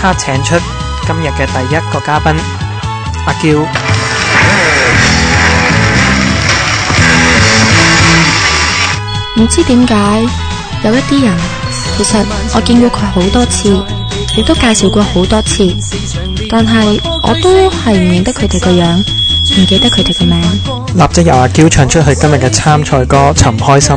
他請出今日嘅第一個嘉賓阿嬌。唔知點解有一啲人，其實我見過佢好多次，亦都介紹過好多次，但係我都係唔認得佢哋個樣，唔記得佢哋個名。立即由阿嬌唱出去今日嘅參賽歌《尋開心》。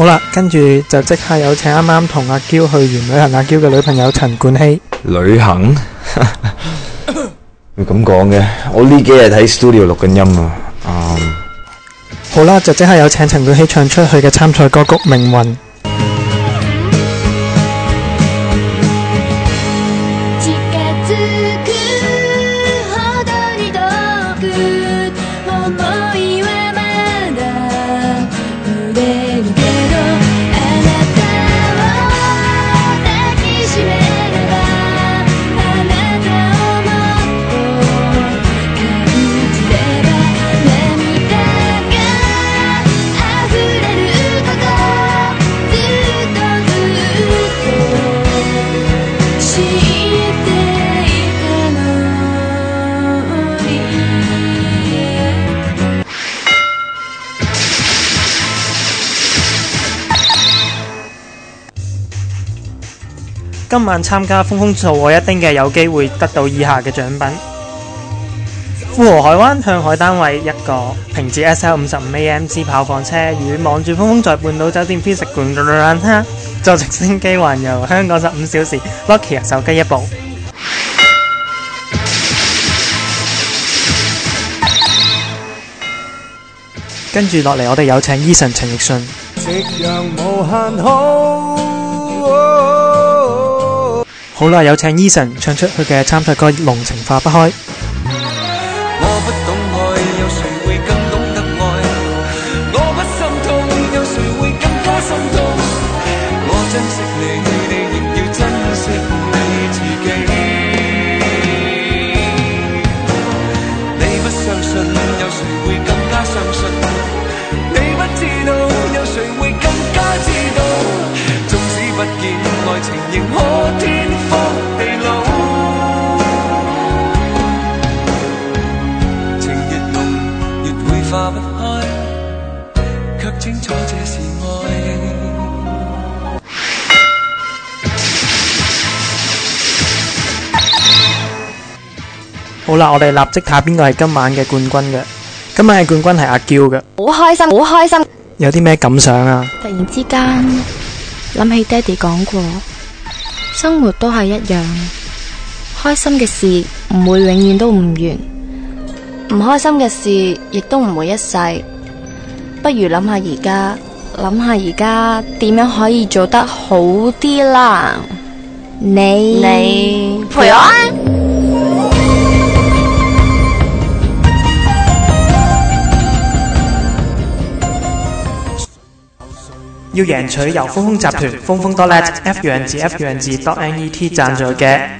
好啦，跟住就即刻有請啱啱同阿嬌去完旅行，阿嬌嘅女朋友陳冠希。旅行你咁講嘅，我呢幾日喺 studio 錄緊音啊。Um... 好啦，就即刻有請陳冠希唱出去嘅參賽歌曲《命運》。今晚參加峰峰做我一丁嘅有機會得到以下嘅獎品：富豪海灣向海單位一個，平治 SL 五十五 AMG 跑房車，與望住峰峰在半島酒店美食館坐直升機環遊香港十五小時，Lucky 手機一部。跟住落嚟， 我哋有請 Eason 陳奕迅。夕陽無限好 好啦，有請奕迅唱出佢嘅參賽歌《濃情化不開》。好啦，我哋立即睇下邊個係今晚嘅冠軍嘅。今晚嘅冠軍係阿嬌嘅。好開心，好開心。有啲咩感想啊？突然之間諗起爹哋講過，生活都係一樣，開心嘅事唔會永遠都唔完。唔開心嘅事，亦都唔會一世。不如諗下而家，諗下而家點樣可以做得好啲啦。你你，陪我啊。要贏取由峰峰集團、峰峰多叻、F 樣字、F 樣字、dotnet 贊助嘅。